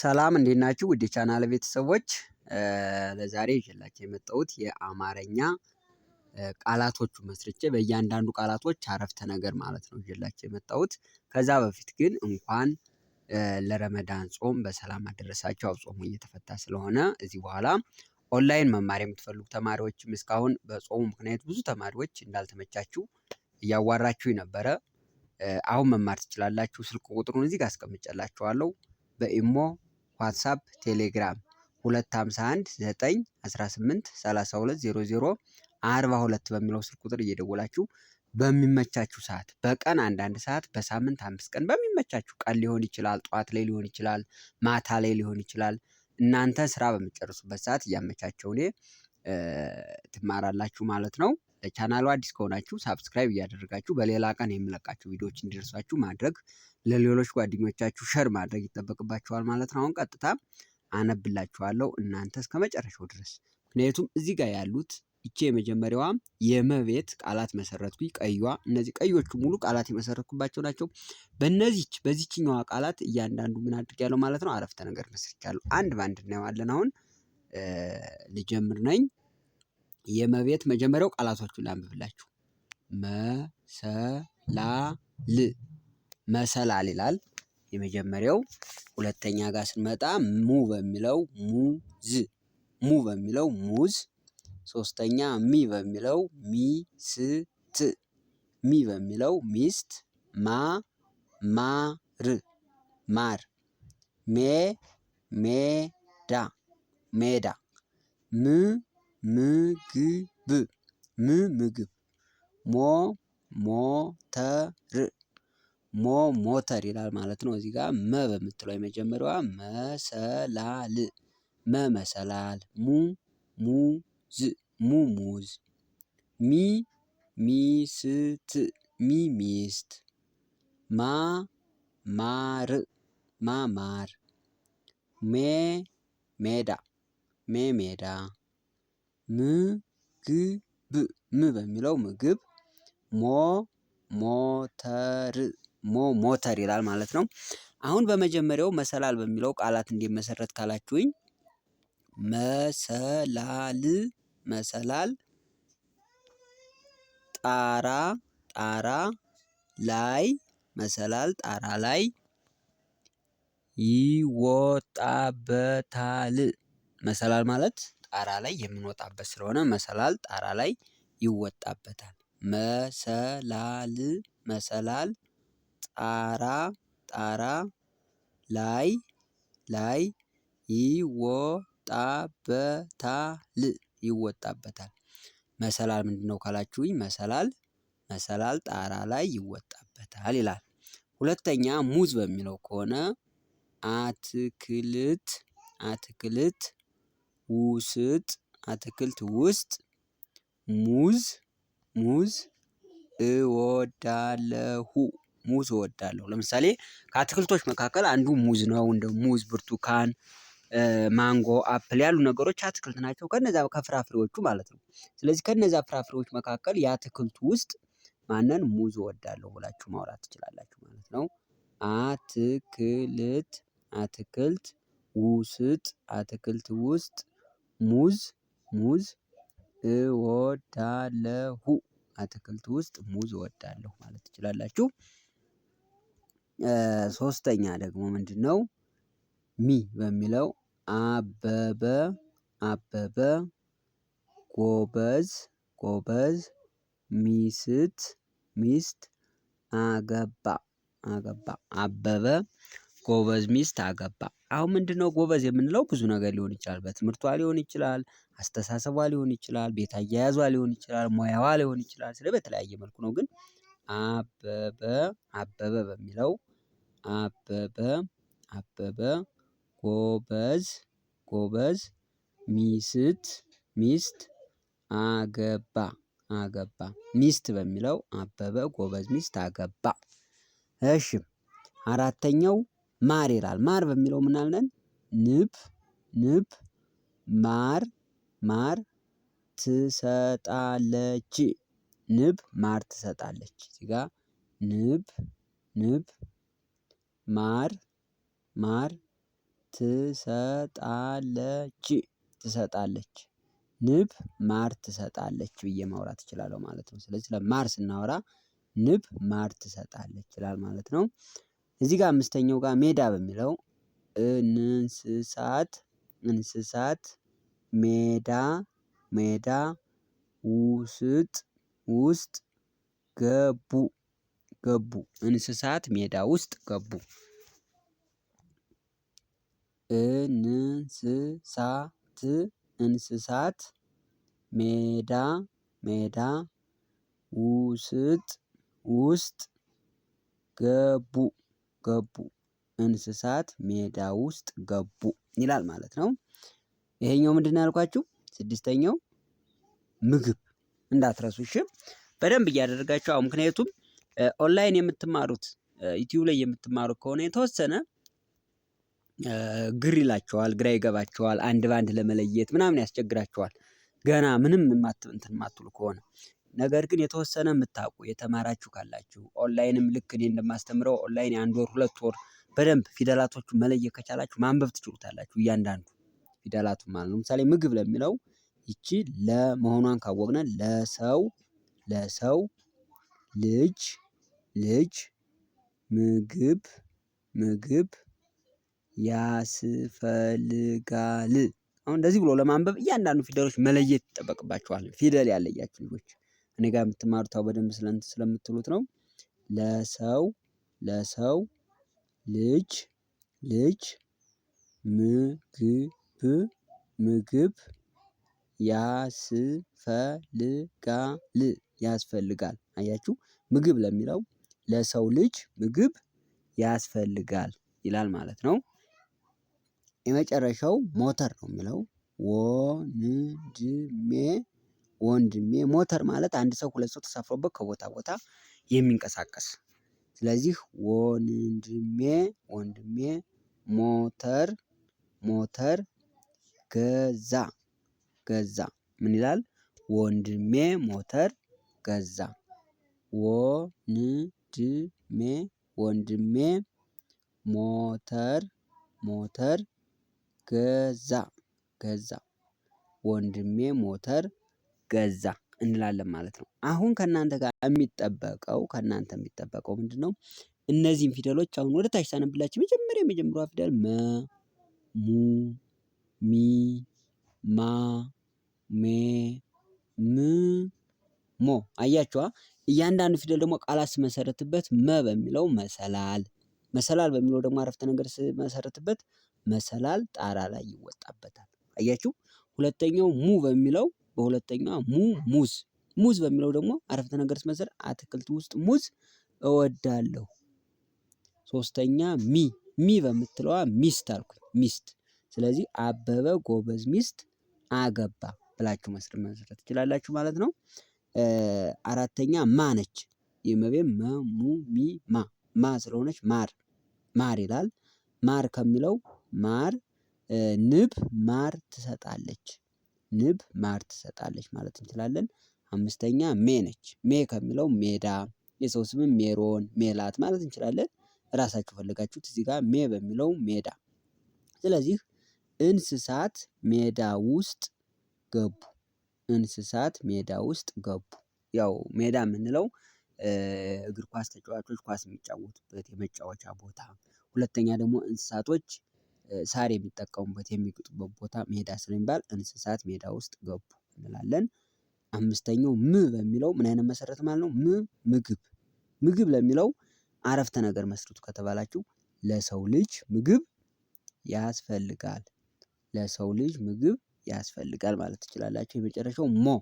ሰላም እንዴት ናችሁ? ውድ ቻናል ቤተሰቦች ለዛሬ ይዤላችሁ የመጣሁት የአማርኛ ቃላቶቹ መስርቼ በእያንዳንዱ ቃላቶች አረፍተ ነገር ማለት ነው ይዤላችሁ የመጣሁት። ከዛ በፊት ግን እንኳን ለረመዳን ጾም በሰላም አደረሳችሁ። አብ ጾሙ እየተፈታ ስለሆነ እዚህ በኋላ ኦንላይን መማር የምትፈልጉ ተማሪዎችም እስካሁን በጾሙ ምክንያት ብዙ ተማሪዎች እንዳልተመቻችሁ እያዋራችሁ ነበረ። አሁን መማር ትችላላችሁ። ስልክ ቁጥሩን እዚህ ጋር አስቀምጬላችኋለሁ በኢሞ ዋትሳፕ፣ ቴሌግራም 42 በሚለው ስልክ ቁጥር እየደወላችሁ በሚመቻችሁ ሰዓት በቀን አንዳንድ ሰዓት በሳምንት አምስት ቀን በሚመቻችሁ ቀን ሊሆን ይችላል፣ ጠዋት ላይ ሊሆን ይችላል፣ ማታ ላይ ሊሆን ይችላል። እናንተ ስራ በምትጨርሱበት ሰዓት እያመቻቸው እኔ ትማራላችሁ ማለት ነው። ለቻናሉ አዲስ ከሆናችሁ ሳብስክራይብ እያደረጋችሁ በሌላ ቀን የምለቃቸው ቪዲዮዎች እንዲደርሷችሁ ማድረግ ለሌሎች ጓደኞቻችሁ ሸር ማድረግ ይጠበቅባችኋል ማለት ነው። አሁን ቀጥታ አነብላችኋለሁ እናንተ እስከ መጨረሻው ድረስ ምክንያቱም እዚህ ጋር ያሉት ይቼ የመጀመሪያዋ የመቤት ቃላት መሰረትኩኝ ቀዩዋ እነዚህ ቀዮቹ ሙሉ ቃላት የመሰረትኩባቸው ናቸው። በነዚች በዚችኛዋ ቃላት እያንዳንዱ ምን ያለው ማለት ነው አረፍተ ነገር መስርቻለሁ። አንድ በአንድ እናየዋለን። አሁን ልጀምር ነኝ። የመቤት መጀመሪያው ቃላቶቹን ላንብብላችሁ። መሰላል መሰላል ይላል የመጀመሪያው። ሁለተኛ ጋር ስንመጣ ሙ በሚለው ሙዝ ሙ በሚለው ሙዝ። ሶስተኛ ሚ በሚለው ሚስት ሚ በሚለው ሚስት። ማ ማር ማር። ሜ ሜዳ ሜዳ። ም ምግብ ም ምግብ ሞ ሞተር ሞ ሞተር ይላል ማለት ነው። እዚህ ጋር መ በምትለው የመጀመሪያዋ መሰላል መ መሰላል ሙ ሙዝ ሙ ሙዝ ሚ ሚስት ሚ ሚስት ማ ማር ማማር ሜ ሜዳ ሜ ሜዳ ምግብ ም በሚለው ምግብ ሞ ሞተር ሞ ሞተር ይላል ማለት ነው። አሁን በመጀመሪያው መሰላል በሚለው ቃላት እንደመሰረት ካላችሁኝ? መሰላል መሰላል ጣራ ጣራ ላይ መሰላል ጣራ ላይ ይወጣበታል መሰላል ማለት ጣራ ላይ የምንወጣበት ስለሆነ መሰላል ጣራ ላይ ይወጣበታል። መሰላል መሰላል ጣራ ጣራ ላይ ላይ ይወጣበታል ይወጣበታል። መሰላል ምንድነው ካላችሁኝ መሰላል መሰላል ጣራ ላይ ይወጣበታል ይላል። ሁለተኛ ሙዝ በሚለው ከሆነ አትክልት አትክልት ውስጥ አትክልት ውስጥ ሙዝ ሙዝ እወዳለሁ ሙዝ እወዳለሁ። ለምሳሌ ከአትክልቶች መካከል አንዱ ሙዝ ነው እንደ ሙዝ ብርቱካን ማንጎ አፕል ያሉ ነገሮች አትክልት ናቸው ከነዛ ከፍራፍሬዎቹ ማለት ነው። ስለዚህ ከነዛ ፍራፍሬዎች መካከል የአትክልት ውስጥ ማንን ሙዝ እወዳለሁ ብላችሁ ማውራት ትችላላችሁ ማለት ነው። አትክልት አትክልት ውስጥ አትክልት ውስጥ ሙዝ ሙዝ እወዳለሁ አትክልት ውስጥ ሙዝ እወዳለሁ ማለት ትችላላችሁ። ሶስተኛ ደግሞ ምንድነው? ሚ በሚለው አበበ አበበ ጎበዝ ጎበዝ ሚስት ሚስት አገባ አገባ አበበ ጎበዝ ሚስት አገባ። አሁን ምንድነው ጎበዝ የምንለው? ብዙ ነገር ሊሆን ይችላል። በትምህርቷ ሊሆን ይችላል፣ አስተሳሰቧ ሊሆን ይችላል፣ ቤት አያያዟ ሊሆን ይችላል፣ ሙያዋ ሊሆን ይችላል። ስለ በተለያየ መልኩ ነው። ግን አበበ አበበ በሚለው አበበ አበበ ጎበዝ ጎበዝ ሚስት ሚስት አገባ አገባ ሚስት በሚለው አበበ ጎበዝ ሚስት አገባ። እሺ አራተኛው ማር ይላል ማር በሚለው ምን ንብ ንብ ማር ማር ትሰጣለች ንብ ማር ትሰጣለች እዚህ ጋር ንብ ንብ ማር ማር ትሰጣለች ትሰጣለች ንብ ማር ትሰጣለች ብዬ ማውራት እችላለሁ ማለት ነው። ስለዚህ ስለ ማር ስናወራ ንብ ማር ትሰጣለች ይላል ማለት ነው እዚህ ጋር አምስተኛው ጋር ሜዳ በሚለው እንስሳት እንስሳት ሜዳ ሜዳ ውስጥ ውስጥ ገቡ ገቡ እንስሳት ሜዳ ውስጥ ገቡ። እንስሳት እንስሳት ሜዳ ሜዳ ውስጥ ውስጥ ገቡ ገቡ እንስሳት ሜዳ ውስጥ ገቡ ይላል ማለት ነው። ይሄኛው ምንድነው ያልኳችሁ? ስድስተኛው ምግብ እንዳትረሱ እሺ። በደንብ እያደረጋችሁ አሁን ምክንያቱም ኦንላይን የምትማሩት ዩቲዩብ ላይ የምትማሩት ከሆነ የተወሰነ ግር ይላቸዋል፣ ግራ ይገባቸዋል፣ አንድ በአንድ ለመለየት ምናምን ያስቸግራቸዋል ገና ምንም እንትን የማትሉ ከሆነ ነገር ግን የተወሰነ የምታውቁ የተማራችሁ ካላችሁ ኦንላይንም ልክ እኔ እንደማስተምረው ኦንላይን የአንድ ወር ሁለት ወር በደንብ ፊደላቶቹ መለየት ከቻላችሁ ማንበብ ትችሉታላችሁ። እያንዳንዱ ፊደላቱ ማለት ነው። ለምሳሌ ምግብ ለሚለው ይቺ ለመሆኗን ካወቅነ ለሰው ለሰው ልጅ ልጅ ምግብ ምግብ ያስፈልጋል። አሁን እንደዚህ ብሎ ለማንበብ እያንዳንዱ ፊደሎች መለየት ይጠበቅባቸዋል። ፊደል ያለያችሁ ልጆች እኔ ጋር የምትማሩት ያው በደንብ ስለምትሉት ነው። ለሰው ለሰው ልጅ ልጅ ምግብ ምግብ ያስፈልጋል ያስፈልጋል አያችሁ ምግብ ለሚለው ለሰው ልጅ ምግብ ያስፈልጋል ይላል ማለት ነው። የመጨረሻው ሞተር ነው የሚለው ወንድሜ ወንድሜ ሞተር ማለት አንድ ሰው ሁለት ሰው ተሳፍሮበት ከቦታ ቦታ የሚንቀሳቀስ ስለዚህ ወንድሜ ወንድሜ ሞተር ሞተር ገዛ ገዛ ምን ይላል? ወንድሜ ሞተር ገዛ ወንድሜ ወንድሜ ሞተር ሞተር ገዛ ገዛ ወንድሜ ሞተር ገዛ እንላለን ማለት ነው። አሁን ከእናንተ ጋር የሚጠበቀው ከእናንተ የሚጠበቀው ምንድነው? እነዚህን ፊደሎች አሁን ወደ ታች ሳነብላቸው መጀመሪያ የመጀመሪያዋ ፊደል መ ሙ ሚ ማ ሜ ም ሞ አያችዋ እያንዳንዱ ፊደል ደግሞ ቃላት ስመሰረትበት መ በሚለው መሰላል መሰላል በሚለው ደግሞ አረፍተ ነገር ስመሰረትበት መሰላል ጣራ ላይ ይወጣበታል። አያችሁ ሁለተኛው ሙ በሚለው በሁለተኛዋ ሙ ሙዝ ሙዝ በሚለው ደግሞ አረፍተ ነገር ሲመሰረት አትክልት ውስጥ ሙዝ እወዳለሁ። ሶስተኛ ሚ ሚ በምትለዋ ሚስት አልኩኝ ሚስት ስለዚህ አበበ ጎበዝ ሚስት አገባ ብላችሁ መስር መስረት ትችላላችሁ ማለት ነው። አራተኛ ማ ነች የመቤም መ ሙ ሚ ማ ማ ስለሆነች ማር ማር ይላል ማር ከሚለው ማር ንብ ማር ትሰጣለች ንብ ማር ትሰጣለች ማለት እንችላለን። አምስተኛ ሜ ነች ሜ ከሚለው ሜዳ የሰው ስምም ሜሮን ሜላት ማለት እንችላለን። ራሳችሁ ፈልጋችሁት እዚህ ጋር ሜ በሚለው ሜዳ ስለዚህ እንስሳት ሜዳ ውስጥ ገቡ እንስሳት ሜዳ ውስጥ ገቡ ያው ሜዳ የምንለው እግር ኳስ ተጫዋቾች ኳስ የሚጫወቱበት የመጫወቻ ቦታ ሁለተኛ ደግሞ እንስሳቶች ሳር የሚጠቀሙበት የሚግጡበት ቦታ ሜዳ ስለሚባል እንስሳት ሜዳ ውስጥ ገቡ እንላለን። አምስተኛው ም በሚለው ምን አይነት መሰረት ማለት ነው ም ምግብ ምግብ ለሚለው አረፍተ ነገር መስርቱ ከተባላችሁ ለሰው ልጅ ምግብ ያስፈልጋል ለሰው ልጅ ምግብ ያስፈልጋል ማለት ትችላላችሁ። የመጨረሻው ሞ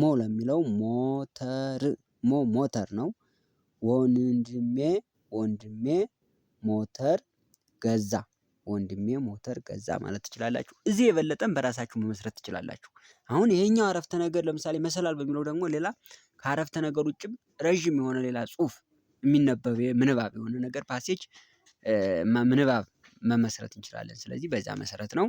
ሞ ለሚለው ሞተር ሞ ሞተር ነው። ወንድሜ ወንድሜ ሞተር ገዛ ወንድሜ ሞተር ገዛ ማለት ትችላላችሁ። እዚህ የበለጠም በራሳችሁ መመስረት ትችላላችሁ። አሁን ይሄኛው አረፍተ ነገር ለምሳሌ መሰላል በሚለው ደግሞ ሌላ ከአረፍተ ነገር ውጭም ረዥም የሆነ ሌላ ጽሁፍ የሚነበብ ምንባብ የሆነ ነገር ፓሴጅ ምንባብ መመስረት እንችላለን። ስለዚህ በዛ መሰረት ነው።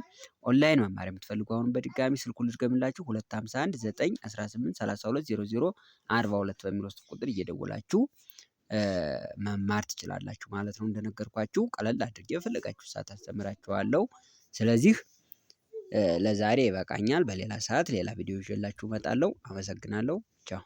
ኦንላይን መማር የምትፈልጉ አሁን በድጋሚ ስልኩን ልድገምላችሁ፣ 251 918 32 00 42 በሚል ውስጥ ቁጥር እየደወላችሁ መማር ትችላላችሁ ማለት ነው። እንደነገርኳችሁ ቀለል አድርጌ የፈለጋችሁ ሰዓት አስተምራችኋለሁ። ስለዚህ ለዛሬ ይበቃኛል። በሌላ ሰዓት ሌላ ቪዲዮ ይዤላችሁ እመጣለሁ። አመሰግናለሁ ቻው